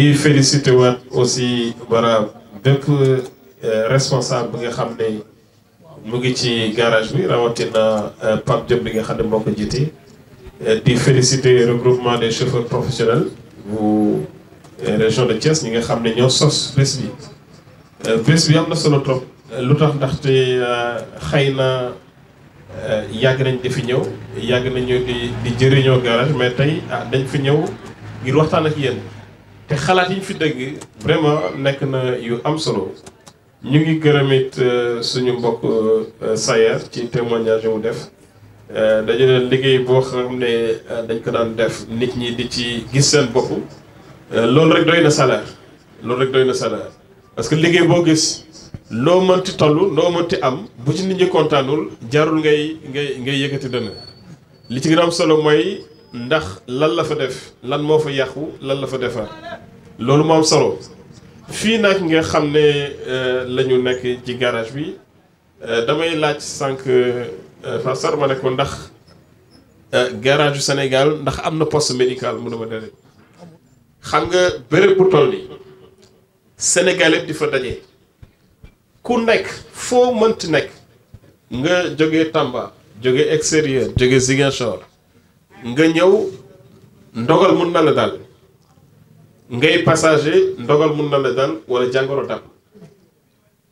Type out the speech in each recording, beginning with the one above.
di félicité waat aussi bara bépp euh, responsable bi nga xam ne mu ngi ci garage bi rawatina euh, Pape Diop bi nga xam ne moo ko jiite euh, di félicité regroupement des chauffeurs professionnels bu région de Thiès ñi nga xam ne ñoo sos bés bi bés bi am na solo trop lu tax ndaxte xëy na yàgg nañ di fi ñëw yàgg nañu di di jëriñoo garage mais tey ah dañ fi ñëw ngir waxtaan ak yéen te xalaat yi ñu fi dégg vraiment nekk na yu am solo ñu ngi gërëmit euh, suñu mbokk euh, Sayer ci témoignage wu def euh, dañu leen liggéey boo xam ne dañ ko daan def nit ñi di ci gis seen bopp loolu rek doy na salaire loolu rek doy na salaire parce que liggéey boo gis loo mënti toll loo mënti am bu ci nit ñi kontaanul jarul ngay ngay ngay yëkkati dënn li ci gën am solo mooy ndax lan la fa def lan moo fa yàqu lan la fa defar loolu moom solo fii nag nga xam ne euh, la ñu nekk ci garage bi euh, damay laaj sànq euh, fa sar ma ne ko ndax garage yu Sénégal ndax am na poste médical mu dama dere xam nga béréb bu toll yi Sénégal di fa daje ku nekk foo mënti nekk nga jóge Tamba jóge extérieur jóge Ziguinchor nga ñëw ndogal mun na la daal ngay passager ndogal mun na la daal wala jàngoro dab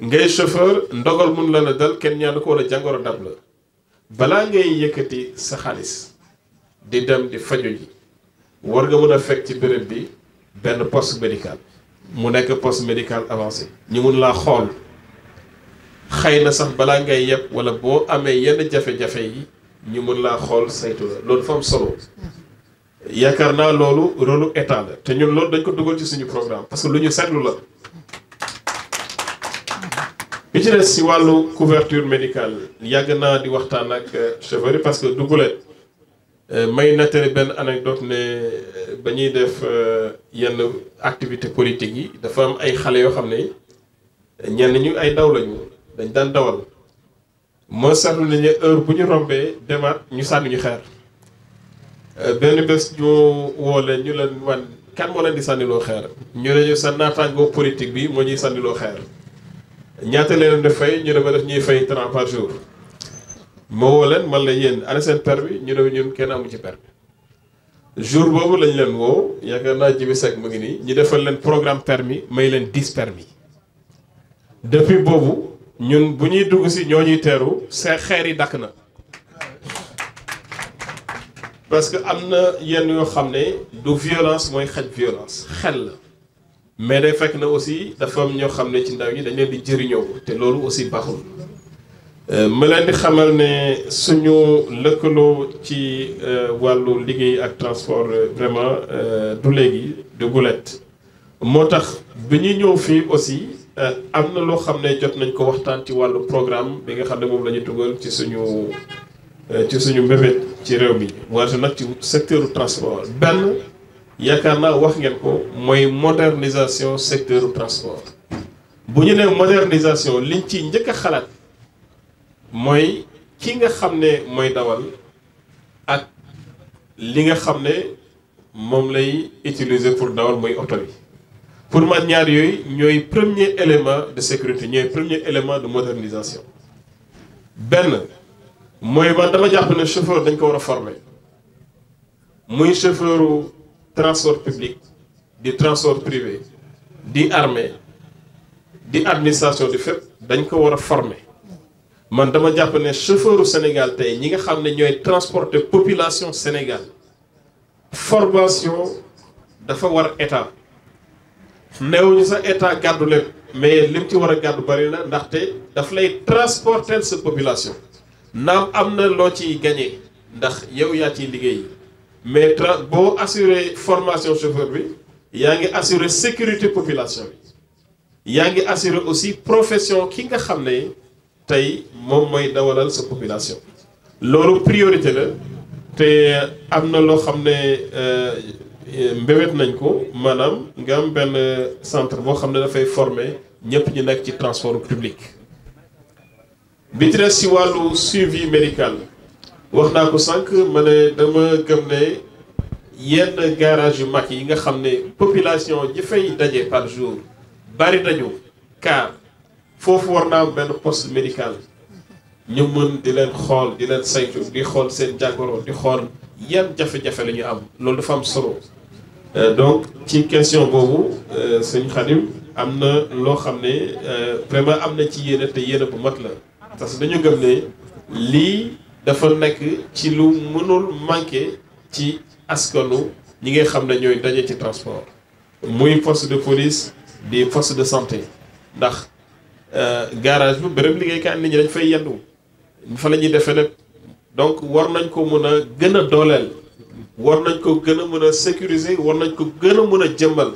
ngay chauffeur ndogal mun na la daal kenn ñaanu ko wala jàngoro dab la balaa ngay yëkkati sa xaalis di dem di faju ji war nga mun a fekk ci béréb bi benn poste médical mu nekk poste médical avancé ñu mun laa xool xëy na sax balaa ngay yeb wala boo amee yenn jafe-jafe yi ñu mën laa xool saytu la loolu dafa am solo yaakaar naa loolu rôle état la te ñun loolu dañ ko dugal ci suñu programme parce que lu ñu seetlu la bi ci des si wàllu couverture médicale yàgg naa di waxtaan ak euh, chauffeur yi parce que dugulee euh, may na nettali benn anecdote ne euh, ba ñuy def yenn activité politique yi dafa am ay xale yoo xam ne ñenn ñu ay daw lañu dañ daan dawal moo seetlu nañu heure bu ñu rombee demaat ñu sànni ñu xeer euh, benn bés ñu woo leen ñu leen wan kan moo leen di sànniloo xeer ñu ne ñu bi moo ñuy sànniloo xeer ñaata leen def fay ñu ne ma def ñuy fay 30 par jour moo woo leen man la yéen ana seen permis ñu ne ñun kenn amu ci permis jour boobu lañ leen woo yaakaar naa Jibi Seck mu ngi nii ñu defal leen programme permis may leen 10 permis depuis boobu. ñun bu ñuy dugg si ñoo ñuy teeru seen xeer yi dakk na parce que am na yenn yoo xam ne du violence mooy xaj violence xel la mais de fekk na aussi dafa am ñoo xam ne ci ndaw yi dañ leen di jëriñoo te loolu aussi baaxul euh, ma leen di xamal ne suñu lëkkaloo ci euh, wàllu liggéey ak transport euh, vraiment du léegi du gulet moo tax bi ñuy ñëw fii aussi Euh, am na loo xam ne jot nañ ko waxtaan ci wàllu programme bi nga xam ne moom la ñu tugal ci suñu euh, ci suñu mbébét ci réew mi wante nag ci secteur transport benn yaakaar naa wax ngeen ko mooy modernisation secteur transport bu ñu nee modernisation liñ ci njëkk xalaat mooy ki nga xam ne mooy dawal ak li nga xam ne moom lay utiliser pour dawal mooy oto bi pour man ñaar yooyu ñooy premier élément de sécurité ñooy premier élément de modernisation benn mooy man dama jàpp ne chauffeur dañ ko war a former muy chauffeuru transport public di transport privé di armée di administration di fépp dañ ko war a former man dama jàpp ne chauffeuru Sénégal tey ñi nga xam ne ñooy transporter population Sénégal formation dafa war état newuñu sa état gàddu leen mais lim ci war a gàddu bari na ndaxte daf lay transporter sa population naam am na loo ciy gagné ndax yow yaa ciy liggéey mais tra boo assuré formation chauffeur bi yaa ngi assuré sécurité population bi yaa ngi assuré aussi profession ki nga xam ne tey moom mooy dawalal sa population loolu priorité la te am na loo xam ne euh, mbéwét nañ ko maanaam nga am benn centre boo xam ne dafay former ñëpp ñu nekk ci transport public. bi ci si wàllu suivi médical wax naa ko sànq ma ne dama gëm ne yenn garage yu mag yi nga xam ne population ji fay daje par jour bari nañu car foofu war naa benn post médical ñu mën di leen xool di leen saytu di xool seen jàngoro di xool. yan jafe-jafe la ñu am loolu dafa am solo euh, donc ci question boobu euh, sëñ Xadim am na loo xam ne euh, vraiment am na ci yéene te yéene bu mat la parce que dañu gëm ne lii dafa nekk ci lu mënul manqué ci askanu ñi ngay xam ne ñooy daje ci transport muy force de police di force de santé ndax garage bu bërëb liggéeykaay nit ñi dañ fay yendu fa la ñuy defee donc war nañ ko mën a gën a dooleel war nañ ko gën a mën a sécuriser war nañ ko gën a mën a jëmbal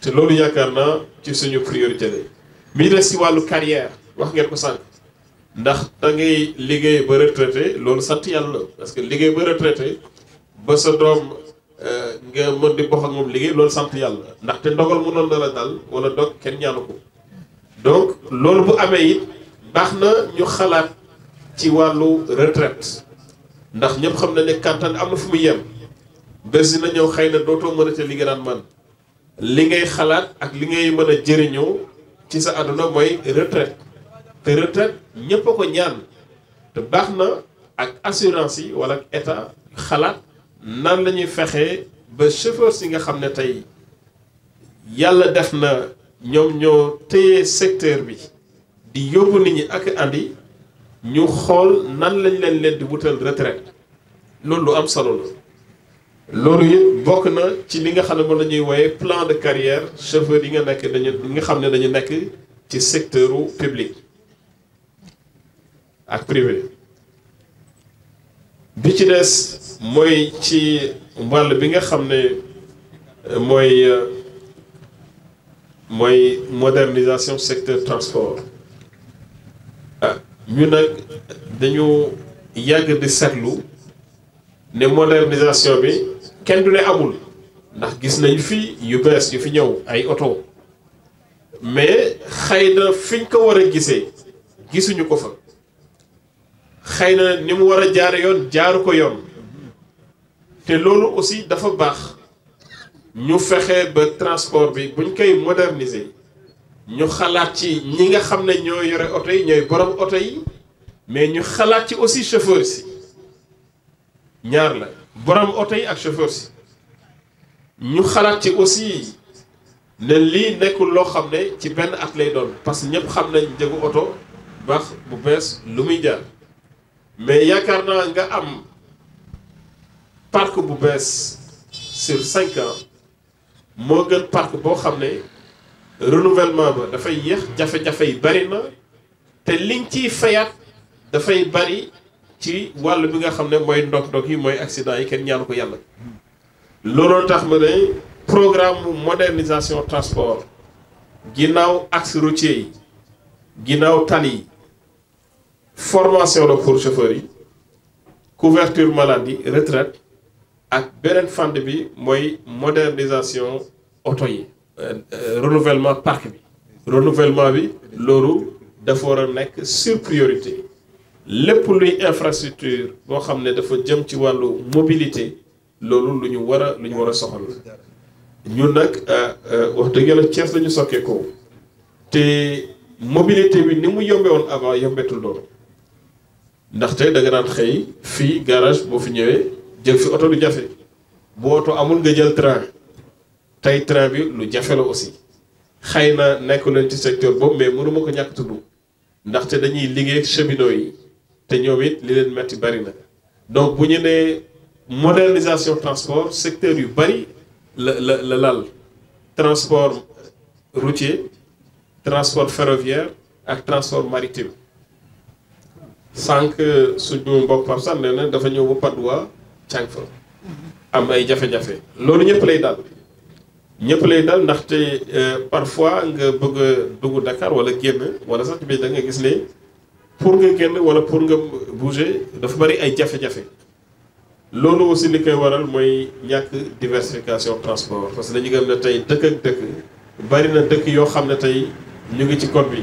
te loolu yaakaar naa ci suñu priorité la mi des si wàllu carrière wax ngeen ko sànq ndax dangay liggéey ba retraité loolu sant yàlla parce que liggéey ba retraité ba sa doom euh, nga mën di bokk ak moom liggéey loolu sant yàlla ndaxte ndogal mu na la dal wala dog kenn ñaanu ko donc loolu bu amee it baax na ñu xalaat. ci wàllu retraite ndax ñëpp xam na ne kàttan am na fu mu yem bés na ñëw xëy na dootoo mën a te li nga daan man li ngay xalaat ak li ngay mën a jëriñoo ci sa àdduna mooy retraite te retraite ñëpp a ko ñaan te baax na ak assurance yi wala ak état xalaat nan la ñuy fexee ba chauffeur si nga xam ne tey yàlla def na ñoom ñoo téye secteur bi di yóbbu nit ñi ak andi ñu xool nan lañ leen leen di wutal retraite loolu lu am solo la loolu it bokk na ci li nga xam ne moom la ñuy plan de carrière chauffeur yi nga nekk dañu nga xam ne dañu nekk ci secteur public ak privé bi ci des mooy ci wàll bi nga xam ne euh, mooy euh, mooy modernisation secteur transport ñu nag dañu yàgg di seetlu ne modernisation bi kenn du ne amul ndax gis nañ fii yu bees yu fi ñëw ay oto mais xëy na fiñ ko war a gisee gisuñu ko fa xëy na ni mu war a jaar yoon jaaru ko yoon te loolu aussi dafa baax ñu fexe ba transport bi buñ koy moderniser ñu xalaat ci ñi nga xam ne ñoo yore oto yi ñooy borom oto yi mais ñu xalaat ci aussi chauffeur si ñaar la borom oto yi ak chauffeur si ñu xalaat ci aussi ne lii nekkul loo xam ne ci benn at lay doon parce que ñëpp xam nañ njëgu oto baax bu bees lu muy jaar mais yaakaar naa nga am park bu bees sur cinq moo gën parc boo xam ne. renouvellement ba dafay yéex jafe-jafe yi bari na te liñ ciy fayaat dafay bari ci wàll bi nga xam ne mooy ndog-ndog yi mooy accident yi kenn ñaanu ko yàlla looloo tax ma ne programme modernisation transport ginnaaw axe routier yi ginnaaw tali yi formation la pour chauffeur yi couverture maladie retraite ak beneen fànn bi mooy modernisation oto yi Euh, renouvellement parc bi renouvellement bi loolu dafa war a nekk sur priorité lépp luy infrastructure boo xam ne dafa jëm ci wàllu mobilité loolu lu ñu war a lu ñu war a soxal ñu nag euh, euh, wax dëgg yàlla Thiès la ñu sokkee ko te mobilité bi ni mu yombe woon avant yombetul loolu ndaxte da daan xëy fii garage boo fi ñëwee jël fi oto du jafe bu oto amul nga jël train tey train bi lu jafe la aussi xëy na nekk leen ci secteur boobu mais mënuma ko ñàkk tudd ndaxte dañuy liggéey ak cheminots yi te ñëw it li leen metti bari na donc bu ñu nee modernisation transport secteur yu bari la la la lal transport routier transport ferroviaire ak transport maritime sànq euh, suñu mbokk Pape Sane nee dafa ñëw ba Padois càng fa am ay jafe-jafe loolu ñëpp lay daal. ñëpp lay dal ndaxte euh, parfois nga bëgg a dugg Dakar wala génn wala sax bi da nga gis ne pour nga génn wala pour nga bouger dafa bari ay jafe-jafe loolu aussi li koy waral mooy ñàkk diversification transport parce que dañu gëm ne tey dëkk ak dëkk bari na dëkk yoo xam ne tey ñu ngi ci code bi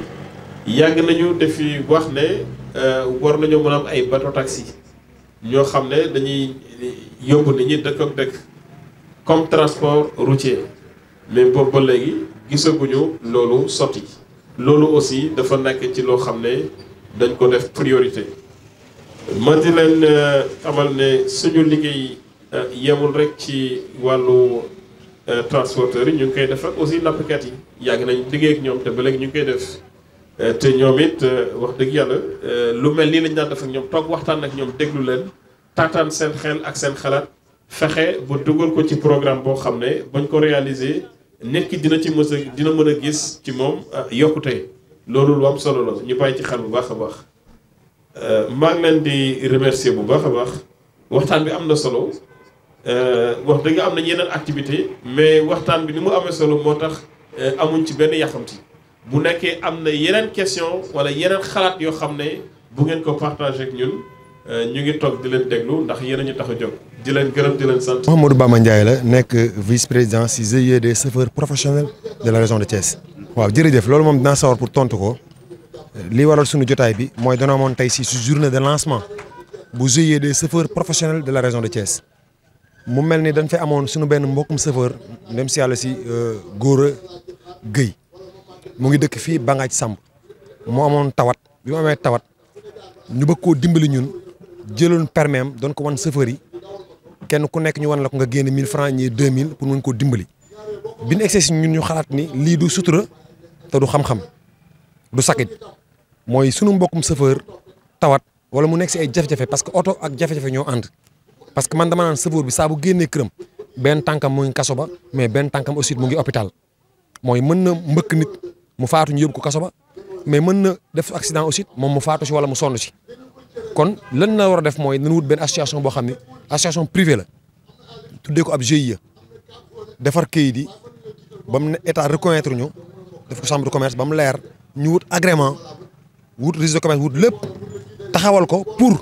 yàgg nañu def fi wax ne euh, war nañoo mën a am ay bateau taxi ñoo xam ne dañuy yóbbu nit ñi dëkk ak dëkk comme transport routier mais boobu ba léegi gisaguñu loolu sotti loolu aussi dafa nekk ci loo xam ne dañ ko def priorité man di leen euh, amal ne suñu liggéey euh, yemul rek ci wàllu euh, transporteurs yi ñu koy def aussi nappkat yi yàgg nañ liggéey ak ñoom te ba ñu ngi koy def te ñoom it wax dëgg yàlla lu mel nii lañ daan def ak ñoom toog waxtaan ak ñoom déglu leen taataan seen xel ak seen xalaat fexe ba dugal ko ci programme boo xam ne bañ ko réaliser nit ki dina ci mës dina mën a gis ci moom ah, yokkute loolu lu am solo la ñu bàyyi ci xel bu baax a baax euh, maa ngi leen di remercier bu baax a baax waxtaan bi am na solo euh, wax dëgg am nañ yeneen activité mais waxtaan bi ni mu amee solo moo tax euh, amuñ ci benn yaxamti bu nekkee am na yeneen question wala yeneen xalaat yoo xam ne bu ngeen ko partagé ak ñun Euh, ñu ngi toog di leen déglu ndax yéen a ñu tax a jóg di leen gërëm di leen sant. la nekk vice président des chauffeurs professionnels de la de Thiès. waaw jërëjëf loolu moom dinaa sawar pour tontu ko li waral suñu jotaay bi mooy danoo moon tey si su journée de bu GIE des chauffeurs professionnels de la région de Thiès. mu mel ni dañ fay amoon suñu benn mbokkum chauffeur dem si yàlla si euh, Gora Guèye mu ngi dëkk fii Bangaaj Samb mu amoon tawat bi mu amee tawat ñu bëgg koo dimbali ñun. jëloon permis am doon ko wan chauffeur yi kenn ku nekk ñu wan la ko nga génne 1000 francs ñii 2000 pour mën ko dimbali bi ñu si ñun ñu xalaat ni lii du sutura te du xam-xam du sakit mooy sunu mbokkum chauffeur tawat wala mu nekk si ay jafe-jafe parce que oto ak jafe-jafe ñoo ànd. parce que man dama naan chauffeur bi saabu génnee këram benn tànkam mu ngi kaso ba mais benn tànkam aussi mu ngi hôpital mooy mën na mbëkk nit mu faatu ñu yóbbu ko kaso ba mais mën na def accident aussi moom mu faatu si wala mu sonn si. kon lan la war a def mooy nañu wut benn association boo xam ne association privée la tuddee ko ab GIE defar kayit di ba mu ne état reconnaître ñu def ko commerce ba mu leer ñu wut agrément wut registre de wut lépp taxawal ko pour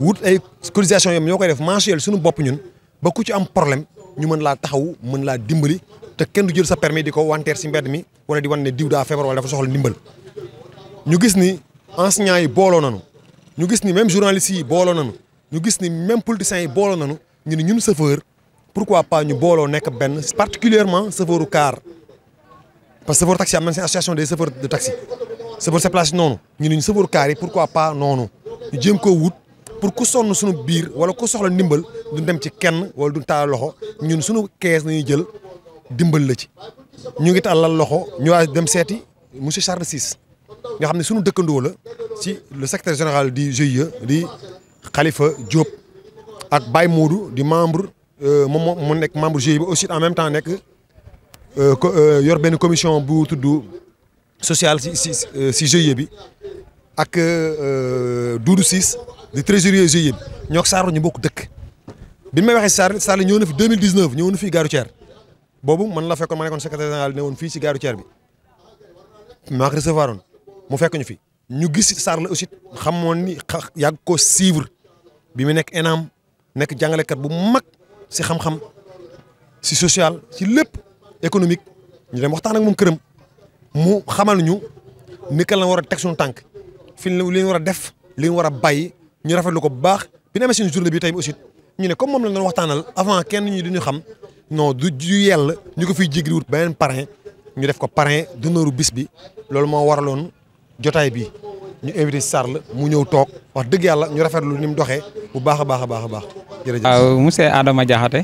wut ay cotisation yom ñoo koy def mensuel suñu bopp ñun ba ku ci am problème ñu mën laa taxaw mën laa dimbali te kenn du jël sa permis di ko wanteer si mbedd mi wala di wan ne diw daa feebar wala dafa soxla ndimbal ñu gis ni enseignants yi booloo nañu ñu gis ni même journalistes yi booloo nañu ñu gis ni même politiciens yi booloo nanu ñu ni ñun chauffeur pourquoi pas ñu booloo nekk benn particulièrement chauffeuru car parce que chauffeur taxi am nañ seen association des chauffeurs de taxi chauffeur seplage noonu ñu ni ñu chauffeur car yi pourquoi pas noonu ñu jéem koo wut pour ku sonn suñu biir wala ku soxla ndimbal du dem ci kenn wala du taal loxo ñun suñu kees nañuy jël dimbal la ci ñu ngi tàllal loxo ñu waa dem seeti monsieur Charles nga xam ne suñu dëkkandoo la ci le secrétaire général di GIE di Khalifa Diop ak Baye Modou di membre euh, moom mu nekk membre GIE bi aussi en même temps nekk euh, euh, yor benn commission bu tudd sociale si si si GIE bi ak Doudou Ciss di trésorier GIE bi ñoo ko Sarr ñu bokk dëkk bi may waxee Sarr Sarr ñëw na fi 2019 ñëw na fi gare routière boobu man la fekkoon ma nekkoon secrétaire général ne woon fii si gare routière bi maa recevoir woon mu fekk ñu fi. ñu gis Sarr aussi xamoon ni yàgg ko suivre bi mu nekk ENAM nekk jàngalekat bu mag si xam-xam si social si lépp économique ñu dem waxtaan ak moom këram mu xamal ñu naka la war a teg suñu tànk fi li war a def li ñu war a bàyyi ñu rafetlu ko bu baax bi ñu amee suñu journée bi tey aussi ñu ne comme moom lañ doon waxtaanal avant kenn ñu duñu xam non du du yell ñu ko fiy jéggi wut beneen parrain ñu def ko parrain d'honneur bis bi loolu moo waraloon. jotaay bi ñu invité Charles mu ñëw toog wax dëgg yàlla ñu rafetlu ni mu doxee bu baax a baax a baax a baax jërëjëf. waaw ah, monsieur Adama Diakhaté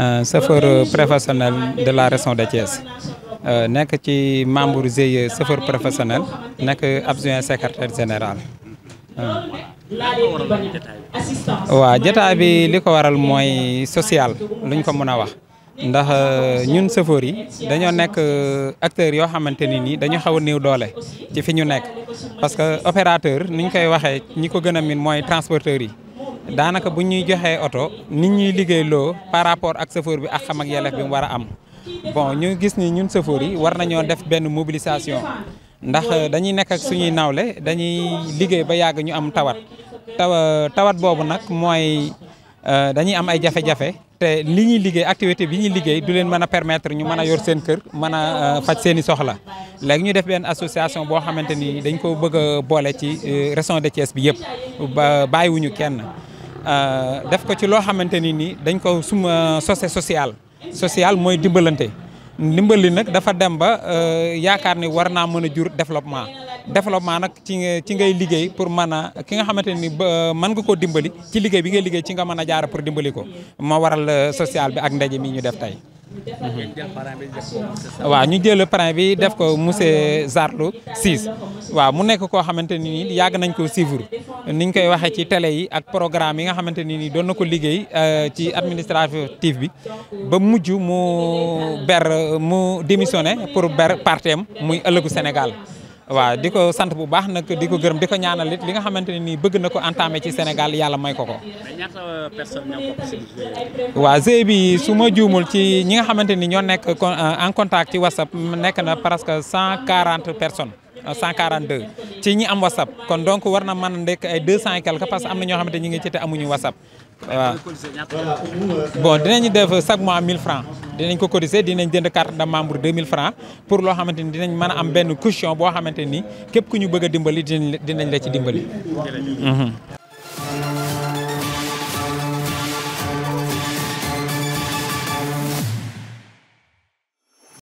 euh, chauffeur professionnel de la région de Thiès euh, nekk ci membre GIE chauffeur professionnel nekk adjoint secrétaire général. waaw euh. jotaay bi li ko waral mooy social luñ ko mën a wax. ndax euh, ñun chauffeur yi dañoo nekk euh, acteurs yoo xamante ni nii dañu xaw a néew doole ci fi ñu nekk parce que opérateur ni ñu koy waxee ñi ko gën a min mooy transporteur yi daanaka bu ñuy joxee oto nit ñuy liggéey loo par rapport ak chauffeur bi ak xam ak yelef bi war a am bon ñu gis ni ñun chauffeur yi war nañoo def benn mobilisation ndax euh, dañuy nekk ak naw le dañuy liggéey ba yàgg ñu am tawat taw tawat boobu nag mooy Euh, dañuy am ay jafe-jafe te li ñuy liggéey activité bi ñuy liggéey du leen mën a permettre ñu mën a yor seen kër mën a euh, faj seeni soxla léegi ñu def benn association boo xamante ni dañ ko bëgg boole ci euh, région de Thiès bi yëpp ba bàyyiwuñu kenn def ko ci loo xamante ni ni dañ ko suma sosé social social mooy dimbalante ndimbali nag dafa dem ba euh, yaakaar ni war naa mën a jur développement développement nag ci ci ngay liggéey pour mën a ki nga xamante ni euh, mën nga ko dimbali ci liggéey bi ngay liggéey ci nga mën a jaara pour dimbali ko ma waral euh, social bi ak ndaje mi ñu def tey waaw ñu jël parrain bi def ko monsieur Zarlo Ciss waaw mu nekk koo xamante ni nii yàgg nañ ko suivre niñ koy waxee ci télé yi ak programme yi nga xamante ni nii doon na ko liggéey euh, ci administratif bi ba mujj mu ber mu démissionné pour ber partem muy ëllëgu Sénégal waaw di ko sant bu baax nag di ko gërëm di ko ñaanal it li nga xamante ne nii bëgg na ko entamé ci Sénégal yàlla may ko ko. waaw GIE bi su ma juumul ci ñi nga xamante ni ñoo nekk euh, en contact ci WhatsApp nekk na presque cent quarante personnes. 142 euh, ci ñi am WhatsApp kon donc war na mën a nekk ay 200 et quelque parce que am na ñoo xamante ñi ngi ci te amuñu WhatsApp waaw bon dinañu def chaque mois mille francs dinañ ko cotiser dinañ jënd carte de membre 2000 francs pour loo xamante ni dinañ mën am benn caution boo xamante ni képp ku ñu bëgg a dimbali dinañ la ci dimbali.